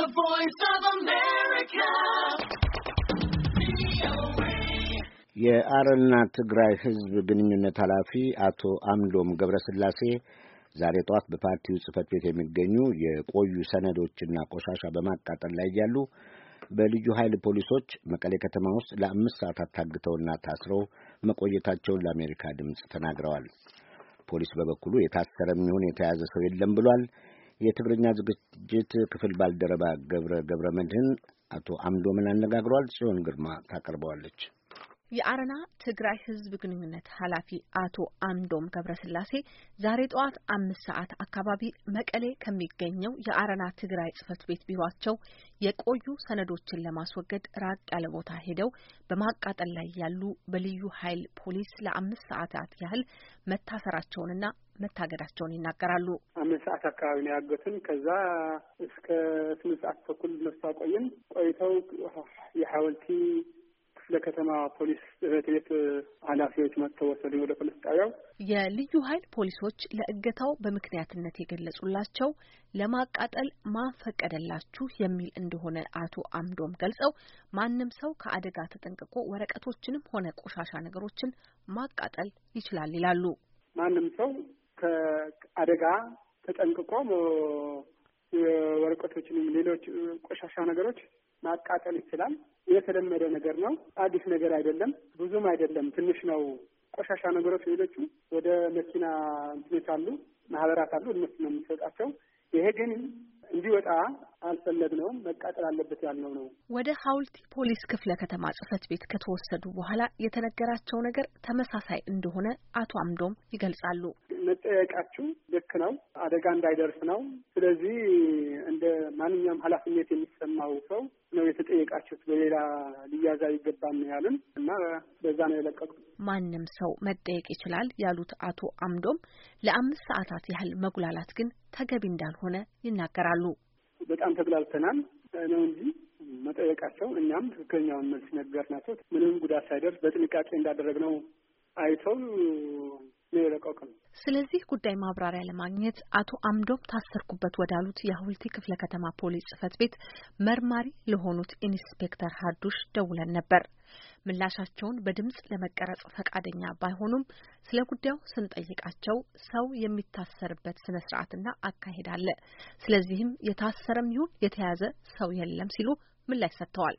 The Voice of America. የአረና ትግራይ ህዝብ ግንኙነት ኃላፊ አቶ አምዶም ገብረስላሴ ዛሬ ጠዋት በፓርቲው ጽህፈት ቤት የሚገኙ የቆዩ ሰነዶችና ቆሻሻ በማቃጠል ላይ እያሉ በልዩ ኃይል ፖሊሶች መቀሌ ከተማ ውስጥ ለአምስት ሰዓታት ታግተውና ታስረው መቆየታቸውን ለአሜሪካ ድምፅ ተናግረዋል። ፖሊስ በበኩሉ የታሰረም ይሁን የተያዘ ሰው የለም ብሏል። የትግርኛ ዝግጅት ክፍል ባልደረባ ገብረ ገብረ መድህን አቶ አምዶምን አነጋግሯል። ጽዮን ግርማ ታቀርበዋለች። የአረና ትግራይ ህዝብ ግንኙነት ኃላፊ አቶ አምዶም ገብረስላሴ ዛሬ ጠዋት አምስት ሰዓት አካባቢ መቀሌ ከሚገኘው የአረና ትግራይ ጽህፈት ቤት ቢሯቸው የቆዩ ሰነዶችን ለማስወገድ ራቅ ያለ ቦታ ሄደው በማቃጠል ላይ ያሉ በልዩ ኃይል ፖሊስ ለአምስት ሰዓታት ያህል መታሰራቸውንና መታገዳቸውን ይናገራሉ። አምስት ሰዓት አካባቢ ነው ያገቱን። ከዛ እስከ ስምንት ሰዓት ተኩል መስታቆይን ቆይተው የሐወልቲ ለከተማ ፖሊስ ጽሕፈት ቤት ኃላፊዎች መጥተው ወሰዱኝ ወደ ፖሊስ ጣቢያው። የልዩ ኃይል ፖሊሶች ለእገታው በምክንያትነት የገለጹላቸው ለማቃጠል ማን ፈቀደላችሁ የሚል እንደሆነ አቶ አምዶም ገልጸው ማንም ሰው ከአደጋ ተጠንቅቆ ወረቀቶችንም ሆነ ቆሻሻ ነገሮችን ማቃጠል ይችላል ይላሉ። ማንም ሰው ከአደጋ ተጠንቅቆ ወረቀቶችንም ሌሎች ቆሻሻ ነገሮች ማቃጠል ይችላል። የተለመደ ነገር ነው። አዲስ ነገር አይደለም። ብዙም አይደለም። ትንሽ ነው። ቆሻሻ ነገሮች ሌሎቹ ወደ መኪና እንትኖች አሉ፣ ማህበራት አሉ፣ እነሱ ነው የሚሰጣቸው። ይሄ ግን እንዲወጣ አልፈለግነውም። መቃጠል አለበት ያልነው ነው። ወደ ሀውልቲ ፖሊስ ክፍለ ከተማ ጽሕፈት ቤት ከተወሰዱ በኋላ የተነገራቸው ነገር ተመሳሳይ እንደሆነ አቶ አምዶም ይገልጻሉ። መጠየቃችሁ ልክ ነው፣ አደጋ እንዳይደርስ ነው። ስለዚህ እንደ ማንኛውም ኃላፊነት የሚሰማው ሰው ነው የተጠየቃችሁት፣ በሌላ ሊያዝ አይገባም ያልን እና በዛ ነው የለቀቁት። ማንም ሰው መጠየቅ ይችላል ያሉት አቶ አምዶም ለአምስት ሰዓታት ያህል መጉላላት ግን ተገቢ እንዳልሆነ ይናገራሉ። በጣም ተጉላልተናል ነው እንጂ መጠየቃቸው እኛም ትክክለኛውን መልስ ነገር ናቸው። ምንም ጉዳት ሳይደርስ በጥንቃቄ እንዳደረግ ነው አይተው ነው። ስለዚህ ጉዳይ ማብራሪያ ለማግኘት አቶ አምዶም ታሰርኩበት ወዳሉት የሀውልቲ ክፍለ ከተማ ፖሊስ ጽህፈት ቤት መርማሪ ለሆኑት ኢንስፔክተር ሀዱሽ ደውለን ነበር። ምላሻቸውን በድምጽ ለመቀረጽ ፈቃደኛ ባይሆኑም ስለ ጉዳዩ ስንጠይቃቸው ሰው የሚታሰርበት ስነ ስርዓትና አካሄድ አለ፣ ስለዚህም የታሰረም ይሁን የተያዘ ሰው የለም ሲሉ ምላሽ ሰጥተዋል።